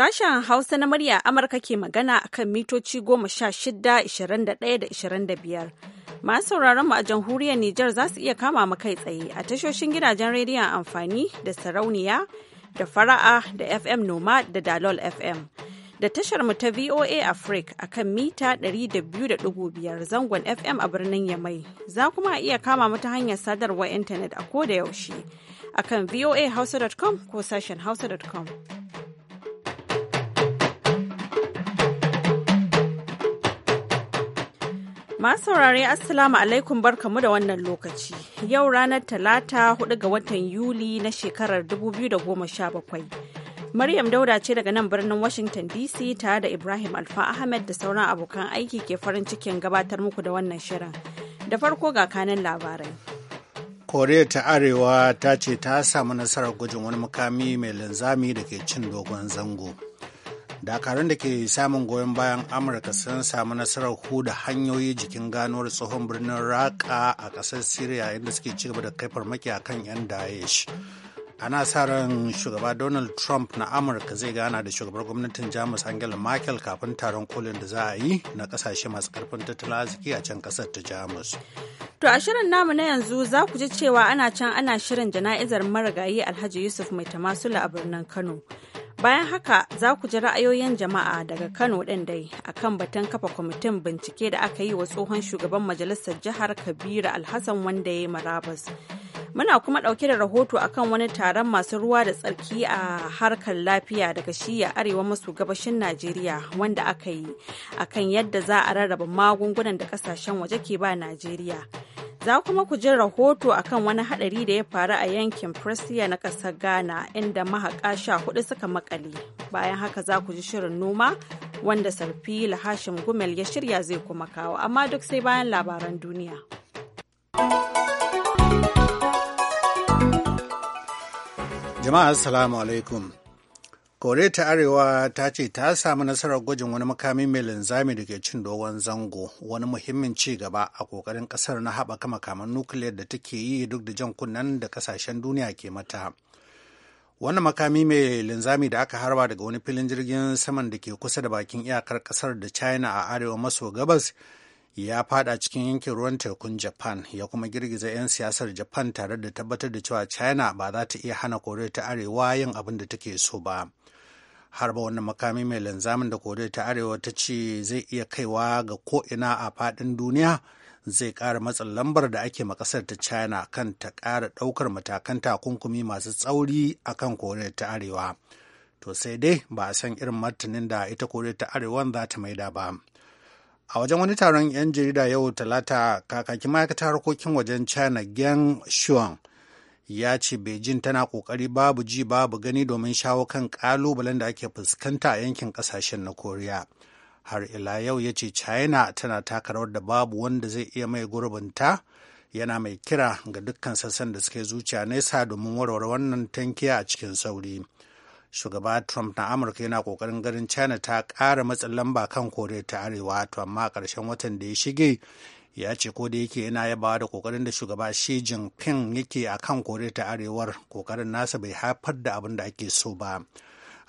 Sashen Hausa na murya Amurka ke magana a kan mitoci goma sha shida, ishirin da ɗaya da ishirin da biyar. Masu sauraron mu a jamhuriyar Nijar za su iya kama mu kai tsaye a tashoshin gidajen rediyon amfani da sarauniya da fara'a da FM Noma da Dalol FM. Da tashar mu ta VOA Africa a kan mita 200.5 zangon FM a birnin Yamai. Za kuma iya kama mu ta hanyar sadarwar intanet a ko da yaushe a kan voahausa.com ko sashen hausa.com. Masu saurare Assalamu alaikum mu" da wannan lokaci. Yau ranar Talata 4 ga watan Yuli na shekarar 2017. Maryam Dauda ce daga nan birnin Washington DC tare da Ibrahim Alfa Ahmed da sauran abokan aiki ke farin cikin gabatar muku da wannan shirin. Da farko ga kanan labarai. Koriya ta Arewa ta ce ta samu nasarar gwajin wani mukami mai linzami da ke cin dogon zango. dakarun da ke samun goyon bayan amurka sun samu nasarar huda hanyoyi jikin ganuwar tsohon birnin raka a ƙasar syria inda suke ci da kai farmaki a kan 'yan daesh ana sa ran shugaba donald trump na amurka zai gana da shugabar gwamnatin jamus angela merkel kafin taron kolin da za a yi na kasashe masu karfin tattalin arziki a can kasar ta jamus to a shirin namu na yanzu za ku ji cewa ana can ana shirin jana'izar marigayi alhaji yusuf mai tamasula a birnin kano Bayan haka za ku ji ra'ayoyin jama'a daga Kano ɗin dai a kan batun kafa kwamitin bincike da aka yi wa tsohon shugaban majalisar jihar Kabiru Alhassan wanda ya yi marabas. Muna kuma ɗauke da rahoto akan wani taron masu ruwa da tsarki a harkar lafiya daga shiya arewa maso gabashin Najeriya wanda aka yi akan yadda za a rarraba magungunan da ƙasashen waje ke ba Najeriya. Za kuma ku ji rahoto akan wani haɗari da ya faru a yankin Presia na ƙasar Ghana inda mahaƙa sha hudu suka makale. Bayan haka za ku ji shirin noma wanda sarfi Hashim Gumel ya shirya zai kuma kawo, amma duk sai bayan labaran duniya. Jama'a Assalamu alaikum. kore ta arewa ta ce ta samu nasarar gwajin wani makami mai linzami da ke cin dogon zango wani muhimmin ci gaba a kokarin kasar na haɓaka makaman nukiliyar da take yi duk da jan kunnen da kasashen duniya ke mata wani makami mai linzami da aka harba daga wani filin jirgin saman da ke kusa da bakin iyakar kasar da china a arewa maso gabas ya fada cikin yankin ruwan tekun japan ya kuma girgiza 'yan siyasar japan tare da tabbatar da cewa china ba za ta iya hana koriya ta arewa yin abin da take so ba harba wannan makami mai linzamin da koriya ta arewa ta ce zai iya kaiwa ga ko'ina a fadin duniya zai ƙara matsin lambar da ake makasar ta china kan ta ƙara ɗaukar matakan takunkumi masu tsauri a kan koriya ta arewa to sai dai ba a san irin martanin da ita koriya ta arewan za ta maida ba a wajen wani taron 'yan jarida yau talata kakakin ma'aikatar harkokin wajen china geng shuang ya ce beijing tana kokari babu ji babu gani domin shawo kan kalubalen da ake fuskanta a yankin kasashen na koriya har ila yau ya ce china tana taka rawar da babu wanda zai iya mai gurbinta yana mai kira ga dukkan sassan da suke zuciya nesa domin warware wannan tankiya a cikin sauri. shugaba trump na amurka yana kokarin garin china ta ƙara matsin lamba kan koriya ta arewa to amma karshen watan da ya shige ya ce ko da yake yana yabawa da kokarin da shugaba Xi Jinping yake a kan kore ta arewar kokarin nasa bai haifar da abin da ake so ba.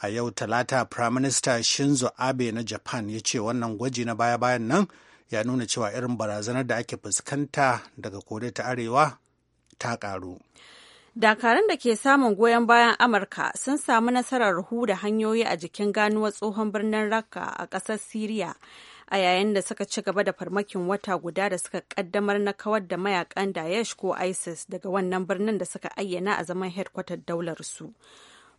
A yau talata Prime Minister Shinzo Abe na Japan ya ce wannan gwaji na baya-bayan nan ya nuna cewa irin barazanar da ake fuskanta daga kore ta arewa ta karu. dakaran da ke samun goyon bayan Amurka sun samu nasarar huda hanyoyi a jikin ganuwar tsohon birnin Raqqa a ƙasar Siriya a yayin da suka ci gaba da farmakin wata guda da suka kaddamar na kawar da mayakan Daesh ko ISIS daga wannan birnin da suka ayyana a zaman hedkwatar daular su.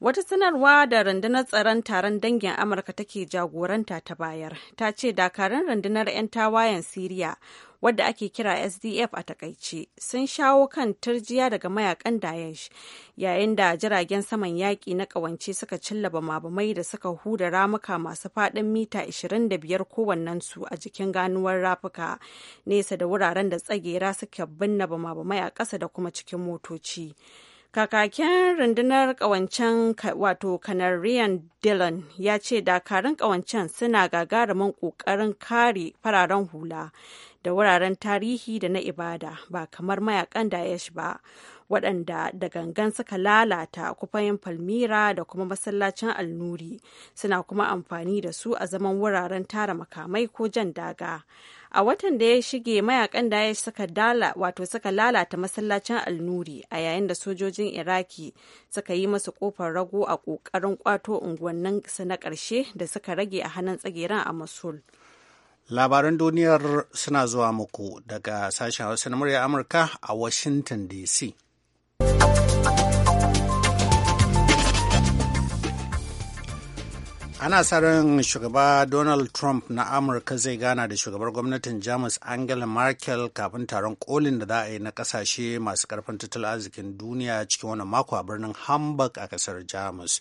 Wata sanarwa da rundunar tsaron taron dangin Amurka take jagoranta ta bayar ta ce dakarun rundunar 'yan tawayen Siriya wadda ake kira sdf a takaice sun shawo kan turjiya daga mayakan daesh yayin da jiragen saman yaƙi na ƙawance suka cillaba mabamai da suka huda ramuka masu faɗin mita 25 kowannensu a jikin ganuwar rafuka nesa da wuraren da tsagera suka binne bamabamai a ƙasa da kuma cikin motoci. kakakin rundunar kawancen wato canarian dillon ya ce dakarun kawancen suna gagarumin ƙoƙarin kare fararen hula da wuraren tarihi da na ibada ba kamar mayakan daesh ba waɗanda da gangan suka lalata kufayin palmira da kuma masallacin alnuri suna kuma amfani da su a zaman wuraren tara makamai ko jan daga a watan da ya shige mayakan da ya suka dala wato suka lalata masallacin alnuri a yayin da sojojin iraki suka yi masa kofar rago a kokarin kwato unguwannin su na karshe da suka rage a hannun tsagiran a mosul labaran duniyar suna zuwa muku daga sashen hausa na murya amurka a washington dc ana sa ran shugaba donald trump na amurka zai gana da shugabar gwamnatin jamus angela merkel kafin taron kolin da za a yi na kasashe masu karfin tattalin arzikin duniya cikin wani mako a birnin hamburg a kasar jamus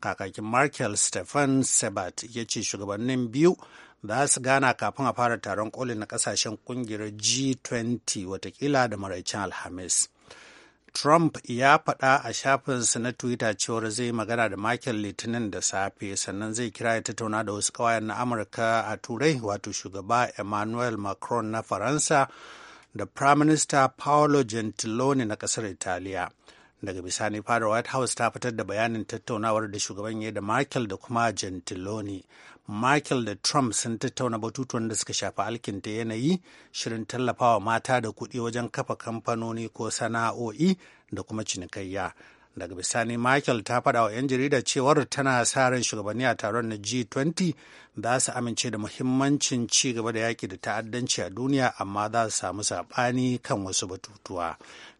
kakakin merkel stefan sebat ya ce shugabannin biyu za su gana kafin a fara taron kolin na kasashen kungiyar g20 watakila da maraicin alhamis Trump ya faɗa a shafinsa na Twitter cewar zai magana da Michael Litinin da safe sannan zai kira ya tattauna da wasu ƙawayen na Amurka a Turai wato shugaba Emmanuel Macron na Faransa da Prime Minister Paolo Gentiloni na ƙasar Italiya. Daga bisani fadar White House ta fitar da bayanin tattaunawar da shugaban ya da Michael da kuma Gentiloni. Michael da Trump sun tattauna batutuwan da suka shafi alkinta yanayi, shirin tallafawa mata da kuɗi wajen kafa kamfanoni ko sana'o'i da kuma cinikayya. Daga bisani Michael ta faɗa wa 'yan jarida cewar tana sa ran shugabanni a taron na G20 za su amince da muhimmancin ci gaba da yaƙi da ta'addanci a duniya amma za su samu saɓani kan wasu batutuwa.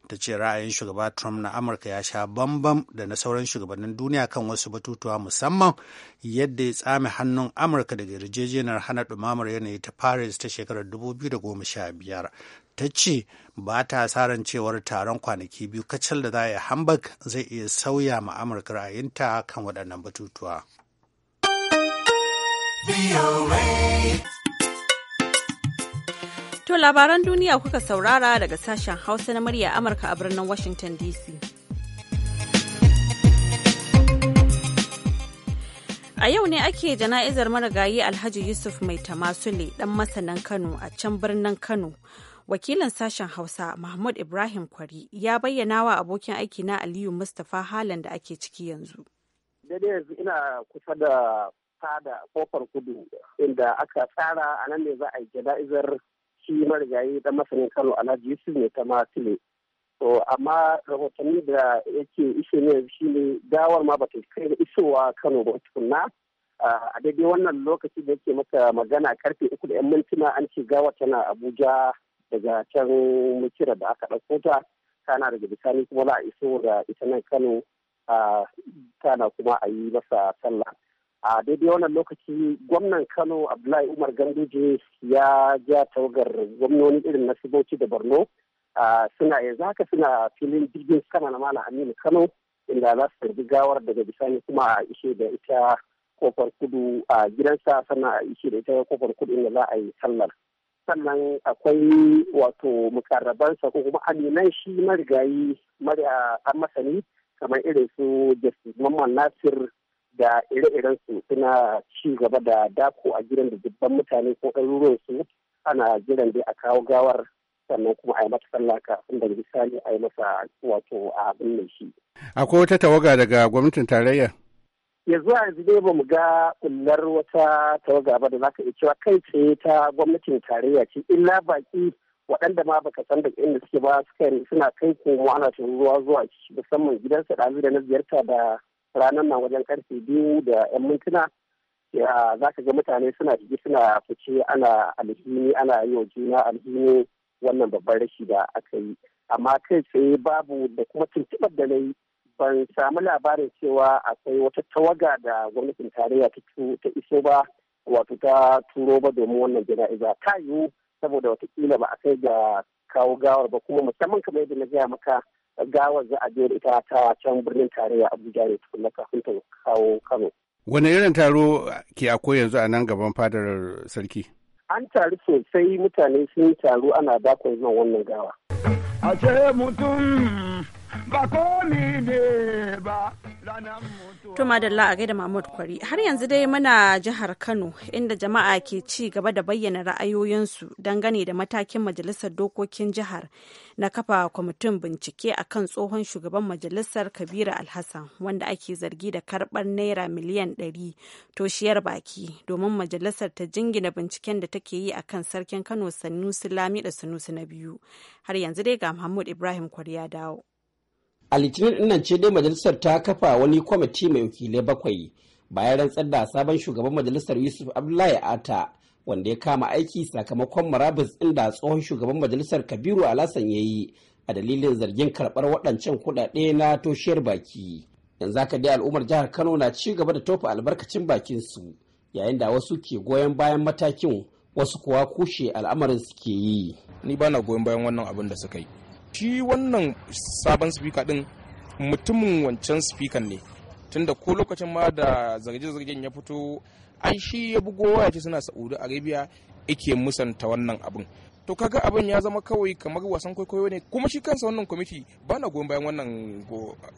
ta ce ra'ayin shugaba trump na amurka ya sha bambam da na sauran shugabannin duniya kan wasu batutuwa musamman yadda ya tsame hannun amurka daga yarjejeniyar hana dumamar yanayi ta paris ta shekarar 2015 ta ce ba ta asaran cewar taron kwanaki biyu kacal da za a yi hamburg zai iya sauya ma amurka ra'ayinta kan waɗannan batutuwa. To labaran duniya kuka saurara daga sashen Hausa na murya Amurka a birnin Washington DC. A yau ne ake jana'izar marigayi Alhaji Yusuf Mai Tamasule ɗan masanan Kano a can birnin Kano. wakilin sashen hausa mahmud ibrahim kwari ya bayyana wa abokin aiki na aliyu mustapha halan da ake ciki yanzu daidai yanzu ina kusa da fada kofar kudu inda aka tsara a nan ne za a yi jana'izar shi marigayi da masanin kano alhaji yusuf ne ta matile to amma rahotanni da yake ishe ne shi ne gawar ma bata kai da isowa kano ba tukunna a daidai wannan lokaci da yake maka magana karfe uku da yan mintuna an ce gawa tana abuja daga can mukira da aka ɗauko ta kana daga bisani kuma za a iso da ita nan kano kana kuma a yi masa sallah a daidai wannan lokaci gwamnan kano abdullahi umar ganduje ya ja tawagar gwamnoni irin na sibauci da borno suna yanzu haka suna filin jirgin sama na malam aminu kano inda za su tarbi gawar daga bisani kuma a ishe da ita kofar kudu a gidansa sannan a ishe da ita kofar kudu inda za a yi sallar sannan akwai wato mukarrabansa ko kuma aminan shi marigayi an masani kamar irin su jesus Mamman Nasir da ire-iren su suna ci gaba da dako a gidan da dubban mutane ko ɗaruruwan su ana jiran dai a kawo gawar sannan kuma a yi mata sallah kafin da misali a yi masa wato a abin mai shi. Akwai wata tawaga daga gwamnatin tarayya? Ya zuwa yanzu dai mu ga kullar wata tawaga ba da za ka iya cewa kai ce ta gwamnatin tarayya ce illa baki waɗanda ma baka san daga inda suke ba suna kai komo ana tururuwa zuwa musamman gidansa ɗazu da na ziyarta da ranar nan wajen karfe biyu da yan mintuna za ka ga mutane suna jiki suna fice ana alhini ana yi wa juna alhini wannan babban rashi da aka yi amma kai tsaye babu da kuma tuntubar da na yi ban samu labarin cewa akwai wata tawaga da gwamnatin tarayya ta iso ba wato ta turo ba domin wannan jana'iza ta yiwu saboda watakila ba a kai ga kawo gawar ba kuma musamman kamar yadda na gaya maka gawar za a biyar ita ta can birnin tarayya abuja ne tukunna kafin ta kawo kano wani irin taro ke a yanzu a nan gaban fadar sarki an taru sosai mutane sun taru ana dakon zuwa wannan gawa a ce mutum ba komi ne ba To madalla a gaida Mahmud Kwari har yanzu dai muna jihar Kano inda jama'a ke ci gaba da bayyana ra'ayoyinsu dangane da matakin majalisar dokokin jihar na kafa kwamitin bincike a kan tsohon shugaban majalisar Kabiru Alhassan wanda ake zargi da karbar naira miliyan 100 shiyar baki domin majalisar ta jingina binciken da take yi akan sarkin Kano Sanusi Lami da Sanusi na biyu har yanzu dai ga Mahmud Ibrahim Kwari ya dawo. a litinin dinnan ce dai majalisar ta kafa wani kwamiti mai wakilai bakwai bayan rantsar da sabon shugaban majalisar yusuf abdullahi ata wanda ya kama aiki sakamakon marabus ɗin da tsohon shugaban majalisar kabiru alasan ya yi a dalilin zargin karɓar waɗancan kuɗaɗe na toshiyar baki yanzu haka dai al'ummar jihar kano na ci gaba da tofa albarkacin bakin su yayin da wasu ke goyon bayan matakin wasu kuwa kushe al'amarin suke yi ni bana goyon bayan wannan abin da suka yi shi wannan sabon spika din mutumin wancan spikan ne tunda ko lokacin ma da zarge-zargen ya fito an shi ya bugo waya ce suna saudi arabia ike musanta wannan abin to kaga abin ya zama kawai kamar wasan kwaikwayo ne kuma shi kansa wannan kwamiti ba na goyon bayan wannan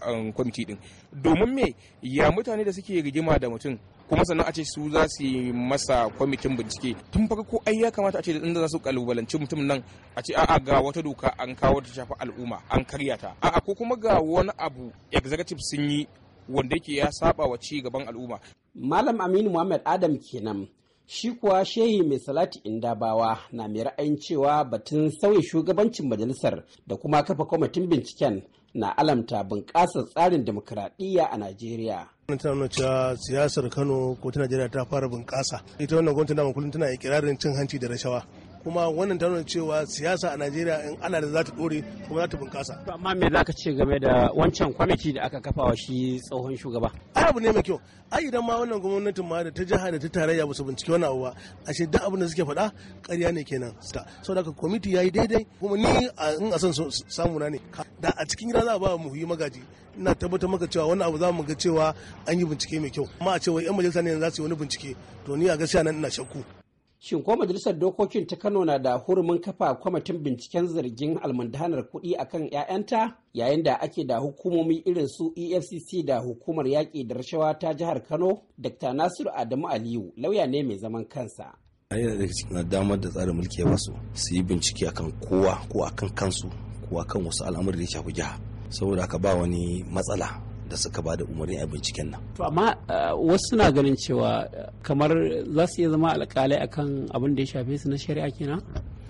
um, kwamiti din domin me ya mutane da suke rigima da mutum kuma sannan a ce su za su yi masa kwamitin bincike tun farko ai ya kamata a ce da za su kalubalanci mutum nan a ce a'a ga wata doka an kawo ta shafi al'umma an karya ta a'a ko kuma ga wani abu executive sun yi wanda yake ya saba wa ci gaban al'umma malam aminu muhammad adam kenan Shi kuwa shehi mai salati indabawa na mai ra'ayin cewa batun sauya shugabancin majalisar da kuma kafa kwamitin binciken na alamta bunƙasar tsarin demokuraɗiyya a Najeriya. wannan tana nuna cewa siyasar kano ko ta najeriya ta fara bunƙasa ita wannan gwamnati dama kullum tana ikirarin cin hanci da rashawa kuma wannan ta nuna cewa siyasa a najeriya in ana da za ta dore kuma za ta bunkasa amma me za ce game da wancan kwamiti da aka kafa wa shi tsohon shugaba ai abu ne mai kyau ai idan ma wannan gwamnatin ma da ta jiha da ta tarayya ba su bincike wani abu ba ashe duk abin da suke faɗa ƙarya ne kenan sta saboda haka kwamiti yayi daidai kuma ni in a san samu na ne da a cikin gida za a ba mu yi magaji ina tabbatar maka cewa wannan abu za mu ga cewa an yi bincike mai kyau amma a cewa yan majalisa ne za su yi wani bincike to ni a gaskiya nan ina shakku Shin ko majalisar dokokin ta Kano na da hurumin kafa kwamitin binciken zargin almundahanar kuɗi a kan 'ya'yanta yayin da ake da hukumomi irin su EFCC da hukumar yaƙi da rashawa ta jihar Kano Dr. Nasiru Adamu Aliyu lauya ne mai zaman kansa. a yana daga cikin damar da tsarin mulki ya basu su yi bincike akan kowa ko akan kansu ko akan wasu al'amuran da ya shafi jiha saboda haka ba wani matsala da suka ba da umarni a binciken nan. To amma uh, wasu na ganin cewa uh, kamar za su iya zama alkalai akan abin da ya shafe su na shari'a kenan?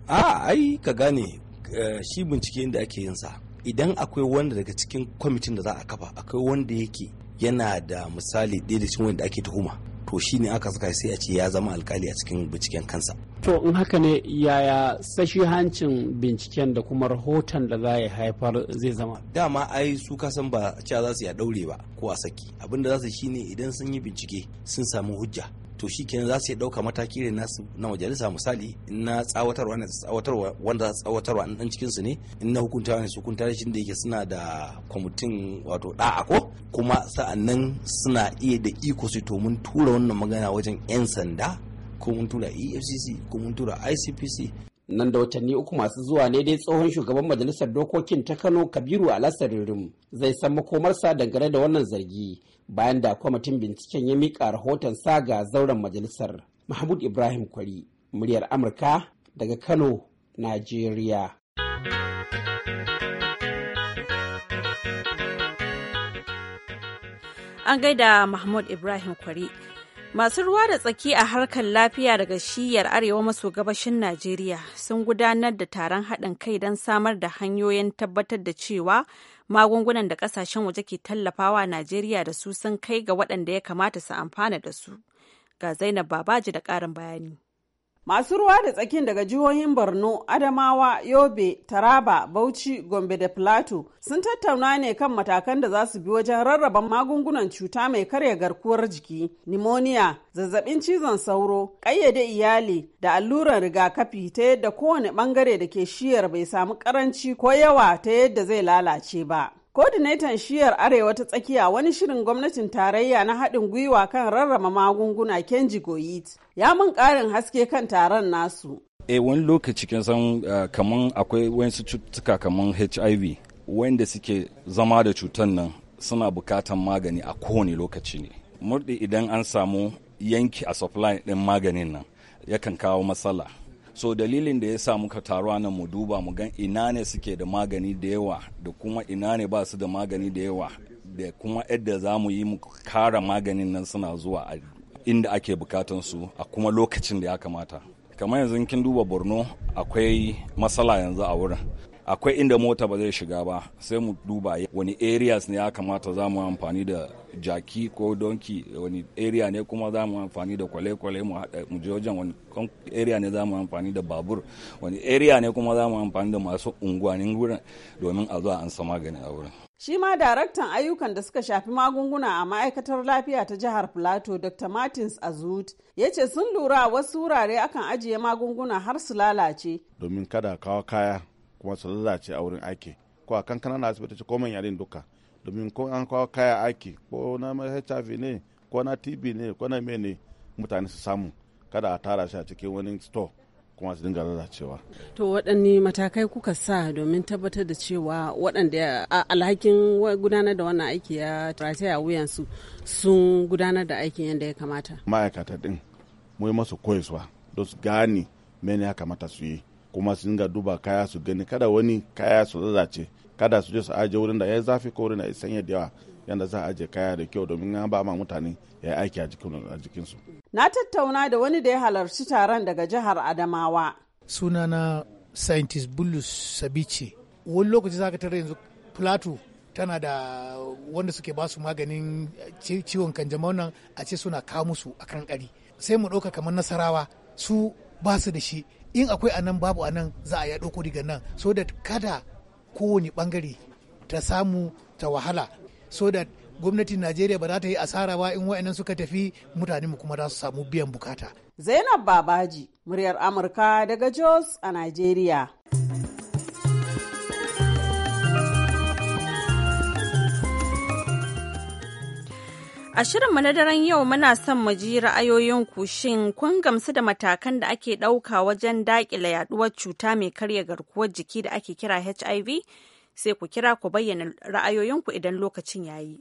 A ai ka gane uh, shi bincike inda ake yin sa. Idan akwai wanda daga cikin kwamitin da za a kafa akwai wanda yake yana da misali ɗaya da cikin wanda ake tuhuma to ne aka saka sai a ce ya zama alkali a cikin binciken kansa to in haka ne yaya sashi hancin binciken da kuma rahoton da za ya haifar zai zama dama ai su kasan ba cewa za su ya daure ba ko a saki abinda za su shi ne idan sun yi bincike sun samu hujja to shi kenan za su iya ɗauka mataki ne nasu na majalisa misali in na tsawatarwa ne tsawatarwa wanda tsawatarwa in dan cikin su ne in na hukuntawa ne su hukunta shi da yake suna da kwamitin wato da'a ko kuma sa'annan suna iya da iko su to mun tura wannan magana wajen 'yan sanda ko mun tura efcc ko mun tura icpc nan da watanni uku masu zuwa ne dai tsohon shugaban majalisar dokokin ta kano kabiru alasar ririm zai san makomarsa dangane da wannan zargi bayan da kwamitin binciken ya miƙa rahoton sa ga zauren majalisar mahmud ibrahim kwari muryar amurka daga kano najeriya an gaida mahmud ibrahim kwari Masu ruwa da tsaki a harkar lafiya daga shiyar arewa maso gabashin Najeriya sun gudanar da taron haɗin kai don samar da hanyoyin tabbatar da cewa magungunan da ƙasashen waje ke tallafawa Najeriya da su sun kai ga waɗanda ya kamata su amfana da su. Ga Zainab Babaji da ƙarin bayani. Masu ruwa da tsakin daga jihohin Borno, Adamawa, Yobe, Taraba, Bauchi, Gombe da Plateau sun tattauna ne kan matakan da za su bi wajen rarraba magungunan cuta mai karya garkuwar jiki, nimoniya, zazzabin cizon sauro, ƙayyade iyali da alluran rigakafi ta yadda kowane ɓangare da ke shiyar bai samu ƙaranci ko yawa ta yadda zai lalace ba. Kodinetan shiyar Arewa ta tsakiya wani shirin gwamnatin tarayya na haɗin gwiwa kan rarraba magunguna Kenji Goyit ya mun ƙarin haske kan taron nasu. E wani lokaci kin san eh, kaman akwai wasu cututtuka kaman HIV wanda suke zama da cutar nan suna bukatan magani a kowane lokaci ne. Murɗi idan an samu yanki a supply ɗin maganin nan yakan kawo matsala. so dalilin da ya sa muka taro nan mu duba mu gan ina ne suke da magani da yawa da kuma ina ne ba su da magani da yawa da kuma yadda za mu yi mu kara maganin nan suna zuwa a inda ake bukatansu a kuma lokacin da ya kamata kamar yanzu kin duba borno akwai matsala yanzu a wurin akwai inda mota ba zai shiga ba sai mu duba wani areas ne ya kamata za mu amfani da jaki ko donki wani area ne kuma za mu amfani da kwale-kwale mu je wajen wani area ne za mu amfani da babur wani area ne kuma za mu amfani da masu unguwanin wurin domin a zuwa an sa magani a wurin Shi ma daraktan ayyukan da suka shafi magunguna a ma'aikatar lafiya ta jihar Plateau Dr. Martins Azut ya ce sun lura wasu wurare akan ajiye magunguna har su lalace. Domin kada kawo kaya kuma su lalace a wurin aiki. Ko a kan asibiti asibitoci ko manyan duka. Domin ko an kawo kaya aiki ko na HIV ne ko na TB ne ko na mutane su samu kada a tara shi a cikin wani store. kuma su dinga lalacewa. To waɗanne matakai kuka sa domin tabbatar da cewa waɗanda alhakin gudanar da wannan aiki ya rataya a wuyansu sun gudanar da aikin yadda ya kamata. Ma'aikata ɗin mu yi masu koyaswa don su gane mene ya kamata su yi kuma su dinga duba kaya su gani kada wani kaya su lalace kada su je su aje wurin da ya zafi ko wurin da ya sanya da yawa yadda za a ajiye kaya da kyau domin an ba ma mutane ya yi aiki a jikinsu. Na tattauna da wani da ya halarci taron daga jihar Adamawa. Sunana scientist bullus Sabici. Wani lokaci za ka tare yanzu Plato tana da wanda suke ba su maganin ciwon kanjamau nan a ce suna kawo musu a kan kari. Sai mu ɗauka kamar nasarawa su ba su da shi in akwai a nan babu a nan za a ya ɗauko daga nan so da kada kowane bangare ta samu ta wahala so that gwamnatin Najeriya ba za ta yi asara ba in wa'annan suka tafi mutane mu kuma za su samu biyan bukata. Zainab Babaji, muryar Amurka daga Jos a Najeriya. A shirinmu na daren yau muna son mu ji ra'ayoyin shin kun gamsu da matakan da ake ɗauka wajen daƙile yaɗuwar cuta mai karya garkuwar jiki da ake kira HIV? sai ku kira ku bayyana ra'ayoyinku idan lokacin ya yi.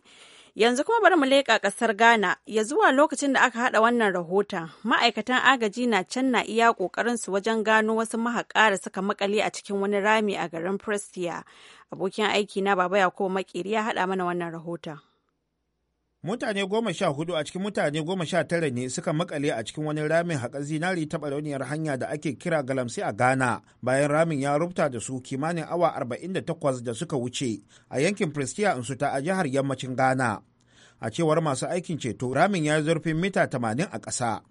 Yanzu kuma bari mu leƙa ƙasar Ghana, ya zuwa lokacin da aka haɗa wannan rahoton, ma'aikatan agaji na can na iya ƙoƙarinsu wajen gano wasu mahaƙa da suka makale a cikin wani rami a garin Prestia. Abokin aiki na Baba Yakubu Makiri ya haɗa mana wannan rahoton. mutane goma sha hudu a cikin mutane goma sha tara ne suka makale a cikin wani ramin haƙar zinari ta barauniyar hanya da ake kira galamsi a ghana bayan ramin ya rubuta da su kimanin awa 48 da suka wuce a yankin pristia insuta a jihar yammacin ghana a cewar masu aikin ceto ramin ya zurfin mita 80 a ƙasa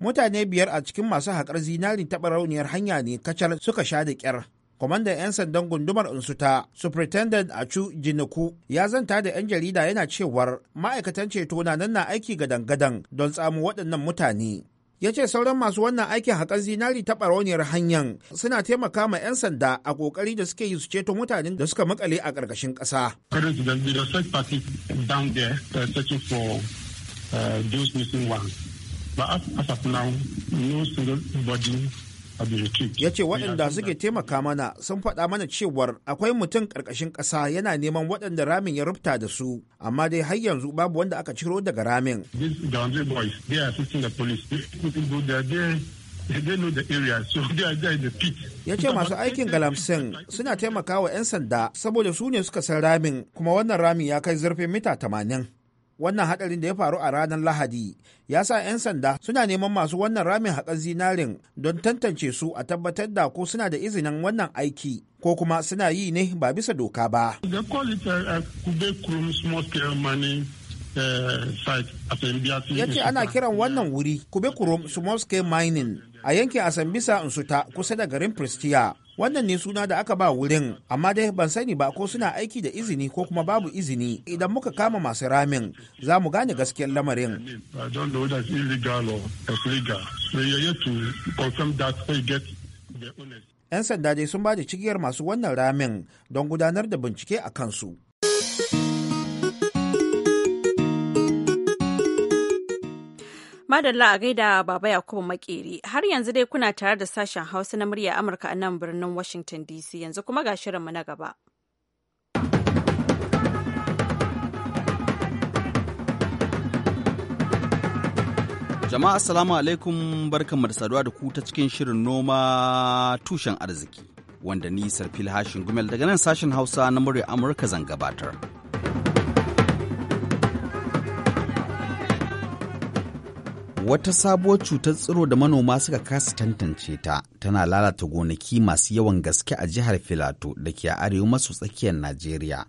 mutane biyar a cikin masu haƙar zinari ta barauniyar hanya ne kacal suka sha da ƙyar kwamandan 'yan sandan gundumar unsuta superintendent achu jinuku ya zanta da 'yan jarida yana cewar ma'aikatan ceto na nan na aiki gadan-gadan don tsamo waɗannan mutane ya ce sauran masu wannan aikin haƙar zinari ta ɓarauniyar hanyar suna taimaka ma 'yan sanda a ƙoƙari da suke yi su ceto mutanen da suka makale a ƙarƙashin ƙasa. Uh, uh, But as of now, no single body ya ce waɗanda suke taimaka mana sun faɗa mana cewar akwai mutum ƙarƙashin ƙasa yana neman waɗanda ramin ya rufta da su amma dai har yanzu babu wanda aka ciro daga ramin ya ce masu aikin galamsin suna taimaka wa 'yan sanda saboda su ne suka san ramin kuma wannan ramin ya kai zurfin mita 80. wannan hadarin da ya faru a ranar lahadi ya sa 'yan sanda suna neman masu wannan ramin haƙar zinarin don tantance su a tabbatar da ko suna da izinin wannan aiki ko kuma suna yi ne ba bisa doka ba. Uh, uh, uh, ya ce ana kiran wannan wuri kube kurum small scale mining a yankin asambisa nsuta kusa da garin pristia wannan ne suna da aka ba wurin amma dai ban sani ba ko suna aiki da izini ko kuma babu izini idan muka kama masu ramin za mu gane gaskiyar lamarin yan sanda dai sun ba da cigiyar masu wannan ramin don gudanar da bincike a kansu. Madalla a gaida Baba Yakubu Makeri. Har yanzu dai kuna tare da sashen Hausa na murya Amurka a nan birnin Washington DC. Yanzu kuma ga shirinmu na gaba. Jama'a assalamu alaikum barkanmu da saduwa da ku ta cikin shirin noma tushen arziki wanda ni Sarfil Hashin Gumel daga nan sashen Hausa na murya Amurka zan gabatar. wata sabuwar cutar tsiro da manoma suka kasa tantance ta tana lalata gonaki masu yawan gaske a jihar filato da ke a arewa maso tsakiyar najeriya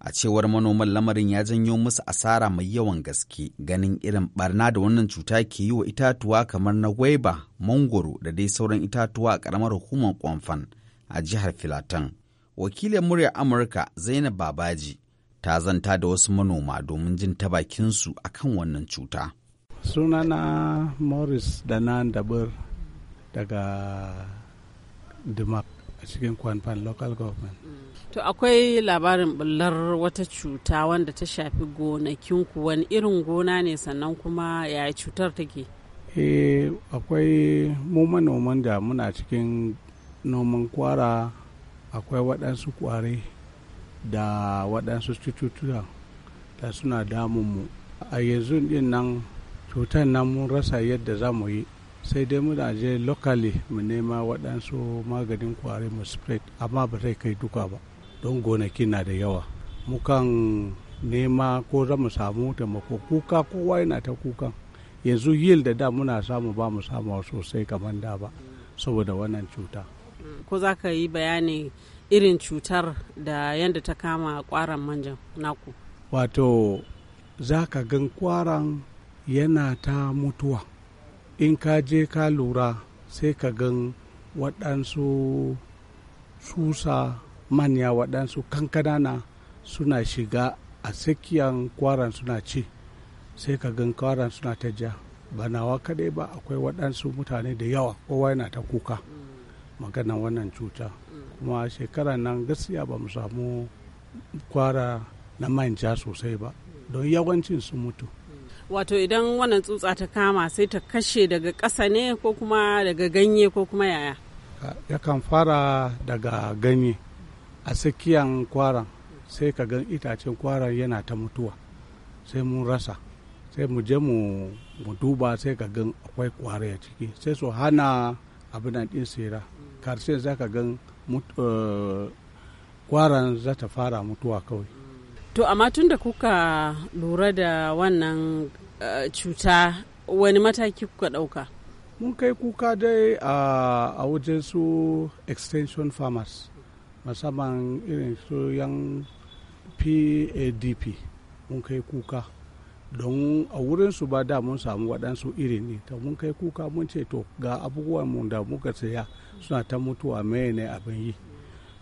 a cewar manoman lamarin ya janyo musu asara mai yawan gaske ganin irin barna da wannan cuta ke yi wa itatuwa kamar na gwaiba mangoro da dai sauran itatuwa a karamar hukumar kwamfan a jihar filatan wakilin Murya amurka zainab babaji ta zanta da wasu manoma domin jin ta bakinsu akan wannan cuta sunana morris danan dabur daga dimak a cikin kwanfan local government to akwai labarin bullar wata cuta wanda ta shafi gonakinku wani irin gona ne sannan kuma ya cutar take eh akwai mu manoman da muna cikin noman kwara akwai waɗansu kwari da waɗansu cututtuka da suna damunmu a yanzu din nan cutar nan mun rasa yadda za mu yi sai dai muna je locally mu nema waɗansu maganin kwari mu spread amma ba zai kai duka ba don gonaki na da yawa mukan nema ko za mu samu taimako kuka kowa yana ta kukan yanzu yil da da muna samu ba mu samu sosai kamar da ba saboda wannan cuta ko za ka yi bayani irin cutar da yadda ta kama kwaran manjan naku wato za ka gan kwaran yana ta mutuwa in ka je ka lura sai ka gan waɗansu susa manya waɗansu kankanana suna shiga a tsakiyar kwaran suna ci sai ka gan kwaran suna ta ja ba nawa ba akwai waɗansu mutane da yawa kowa yana ta kuka maganan wannan cuta kuma shekara nan gaskiya ba mu samu kwara na manja sosai ba don yawancin sun mutu wato idan wannan tsutsa ta kama sai ta kashe daga ƙasa ne ko kuma daga ganye ko kuma yaya yakan fara daga ganye a tsakiyan kwaran sai ka gan itacen kwaran yana ta mutuwa sai mun rasa sai mu je mu duba sai ka gan akwai kwari a ciki sai su hana abin da din tsira karshe za ka gan eh, kwaran za ta fara mutuwa kawai To amma tun da kuka lura da wannan eh, cuta wani mataki kuka ɗauka? Mun kai kuka dai ah, a wajen su extension farmers musamman irin su yan PADP mun kai kuka don a wurin su ba da mun samu waɗansu irin ne ta mun kai kuka mun ce to ga abubuwan mu da muka saya suna ta mutuwa mai ne abin yi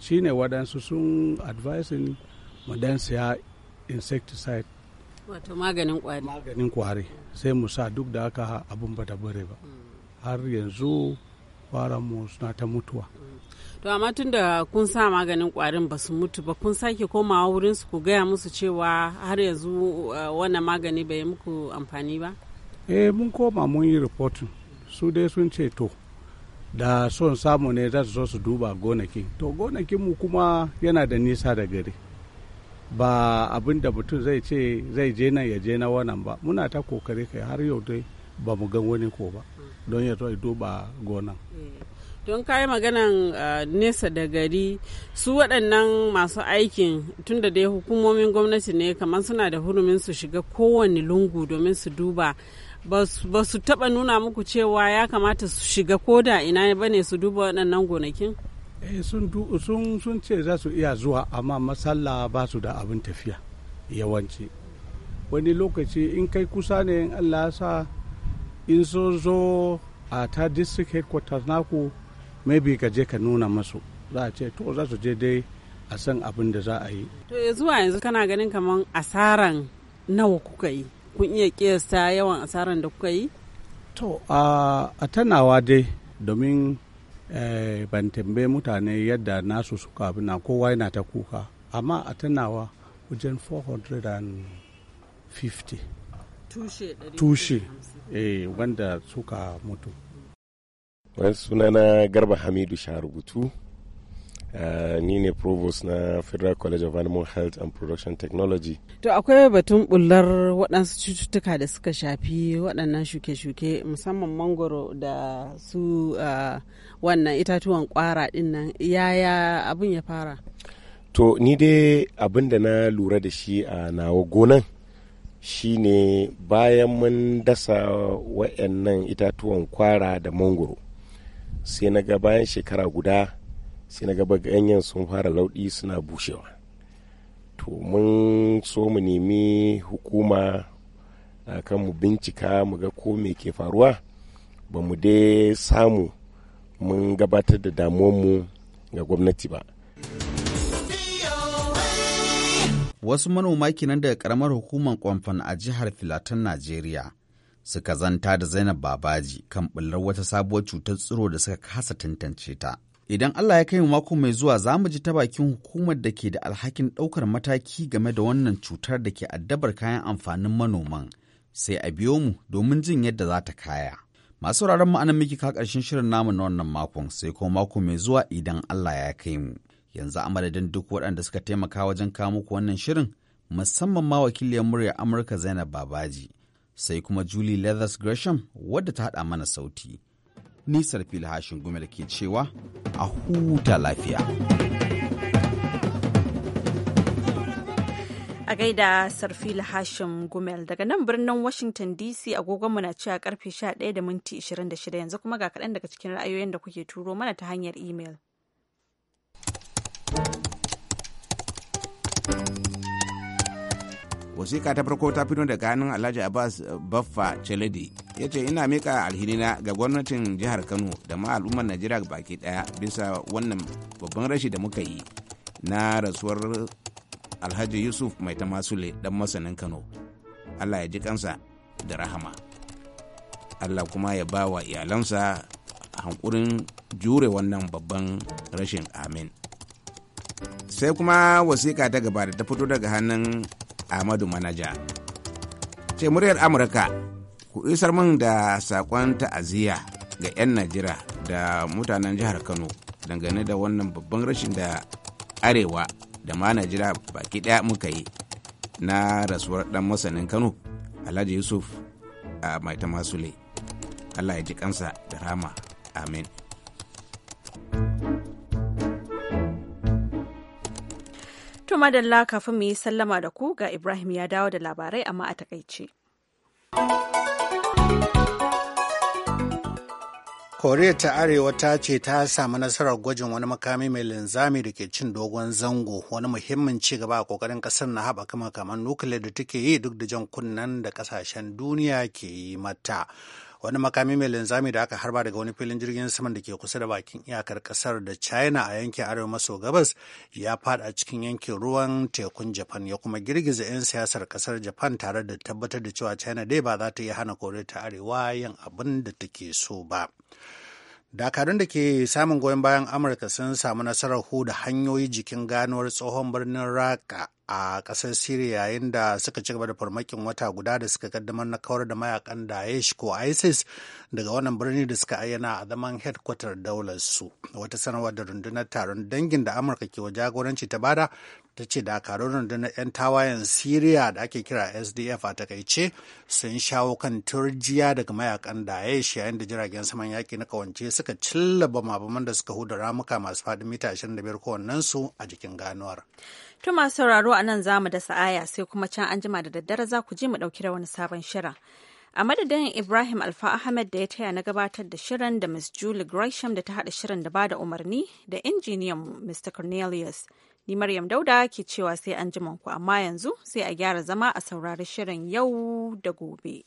shine waɗansu sun advising mu dan siya insecticide wato maganin kwari sai mu sa duk da haka abun ba bare ba har yanzu mu suna ta mutuwa to amma tun da kun sa maganin kwarin ba su mutu ba kun sake komawa wurin su ku gaya musu cewa har yanzu eh, wannan magani bai muku amfani ba eh mun koma mun yi reporting su dai sun ce to da son samu ne za su zo su duba gonakin to gonakin mu kuma yana da nisa da gari ba abinda mutum zai ce zai je nan ya je na wannan ba muna ta kokari kai har yau dai ba mu gan wani ko ba don ya zai duba gonan eh, don kayi maganan ah, nesa da gari su waɗannan masu aikin tunda dai hukumomin gwamnati ne kamar suna da hurumin su shiga kowane lungu domin su duba ba su taɓa nuna muku cewa ya kamata su shiga koda ina ba su duba waɗannan gonakin Eh, sun ce za su iya zuwa amma masalla ba su da abin tafiya yawanci wani lokaci in kai kusa ne in allah sa in so zo a ta district headquarters naku maybe ka je ka nuna masu za a ce to za su je dai a san abin da za a yi to zuwa yanzu kana ganin kamar asaran nawa kuka yi kun iya kiyasta yawan asaran da kuka yi to a tanawa dai domin Eh, ban tambaye mutane yadda nasu suka abina kowa yana ta kuka amma a tunawa wajen 450 tushe eh, wanda suka mutu wani sunana garba hamidu sha rubutu Eh, ni ne provost na federal college of animal health and production technology to akwai batun bullar waɗansu cututtuka da suka shafi waɗannan shuke-shuke musamman mangoro da su eh, wannan itatuwan kwara ɗin nan yaya abin ya fara to ni dai abin da na lura da shi a nawa gonan shine bayan mun dasa waɗannan itatuwan kwara da mangoro sai na ga bayan shekara guda sai na gaba ganyen sun fara lauɗi suna bushewa to mun so mu nemi hukuma kan mu bincika mu ga ko me ke faruwa ba mu dai samu mun gabatar da damuwanmu ga gwamnati ba wasu manoma kenan daga karamar hukumar kwamfan a jihar filatan najeriya suka zanta da zainab babaji kan bullar wata sabuwar cutar tsiro da suka kasa tantance ta Idan Allah ya kai mako mai zuwa za mu ji ta bakin hukumar da ke da alhakin ɗaukar mataki game da wannan cutar da ke addabar kayan amfanin manoman. Sai a biyo mu domin jin yadda za ta kaya. Masu sauraron mu anan miki ka ƙarshen shirin namu na wannan makon sai kuma mako mai zuwa idan Allah ya kai mu. Yanzu a madadin duk waɗanda suka taimaka wajen kawo muku wannan shirin musamman ma wakiliyar muryar Amurka Zainab Babaji. Sai kuma Julie Leathers Gresham wadda ta haɗa mana sauti. nisar filhashin gumel ke cewa a huta lafiya. a gaida sarfi hashim gumel daga nan birnin washington dc agogonmu na cewa karfe 11 da minti 26 yanzu kuma ga kaɗan daga cikin ra'ayoyin da kuke turo mana ta hanyar email wasika ta farko ta fito daga hannun alhaji abbas baffa chaladi ya ce ina mika alhinina ga gwamnatin jihar kano da ma al'ummar najeriya baki daya bisa wannan babban rashi da muka yi na rasuwar alhaji yusuf mai ta tamasule dan masanin kano allah ya ji kansa da rahama allah kuma ya ba wa iyalansa hankurin jure wannan babban rashin amin sai kuma wasiƙa ta gaba da ta fito daga hannun Ahmadu Manaja. Ce muryar Amurka, ku isar min da saƙon ta'aziyya ga 'yan Najira da mutanen jihar Kano dangane da wannan babban rashin da arewa da ma Najira baki ɗaya muka yi na rasuwar ɗan masanin Kano, Alhaji Yusuf a Maitama Sule. Allah ya ji kansa da rama. Amin. To madalla kafin mu yi sallama da ku ga Ibrahim ya dawo da labarai amma a takaice. Koriya ta Arewa ta ce ta samu nasarar gwajin wani makami mai linzami da ke cin dogon zango wani muhimmin ci gaba a kokarin kasar na haɓaka makaman nukiliya da take yi duk da jan kunnen da ƙasashen duniya ke yi mata. wani makami mai linzami da aka harba daga wani filin jirgin saman da ke kusa da bakin iyakar kasar da china a yankin arewa maso gabas ya fada cikin yankin ruwan tekun japan ya kuma girgiza 'yan siyasar kasar japan tare da tabbatar da cewa china dai ba za ta iya hana kore ta arewa yin abin da take so ba dakarun da ke samun goyon bayan amurka sun samu nasarar huda hanyoyi jikin ganuwar tsohon birnin raka a ƙasar Siriya yayin da suka ci gaba da farmakin wata guda da suka kaddamar na kawar da mayakan Daesh ko ISIS daga wannan birni da suka ayyana a zaman headquarter daular su. Wata sanarwar da rundunar taron dangin da Amurka ke wa jagoranci ta bada ta ce dakarun rundunar 'yan tawayen Siriya da ake kira SDF a takaice sun shawo kan turjiya daga mayakan Daesh yayin da jiragen saman yaki na kawance suka cilla bama da suka huda ramuka masu faɗin mita 25 kowannensu a jikin ganuwar. masu sauraro a nan za mu da sa'aya sai kuma can an jima da daddare za ku je mu ɗauki da wani sabon shirin. A madadin Ibrahim Alfa Ahmed da ya taya na gabatar da shirin da ms Julie Gresham da ta haɗa shirin da ba da umarni da injiniyan Mr. Cornelius. Ni Maryam Dauda ke cewa sai an jima ku amma yanzu sai a gyara zama a saurari shirin yau da gobe.